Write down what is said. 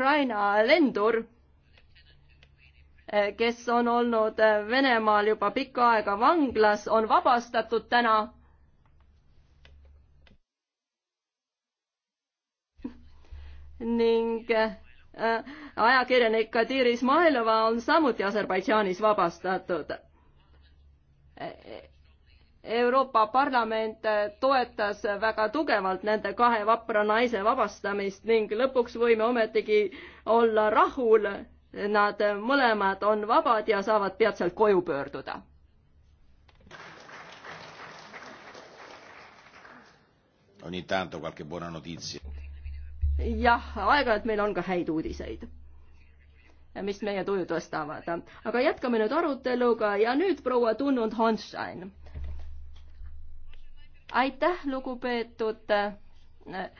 Ukraina lendur, eh, kes on olnud eh, Venemaal juba pikka aega vanglas, on vabastatud täna. ning eh, ajakirjanik Kadir Izmailova on samuti Aserbaidžaanis vabastatud Euroopa Parlament toetas väga tugevalt nende kahe vapra naise vabastamist ning lõpuks võime ometigi olla rahul. Nad mõlemad on vabad ja saavad peatselt koju pöörduda. Ogni tanto qualche buona notizia. jah, aeg-ajalt meil on ka häid uudiseid mis meie tuju tõstavad. aga jätkame nüüd aruteluga ja nüüd proua Tunnund Honstein aitäh, lugupeetud äh,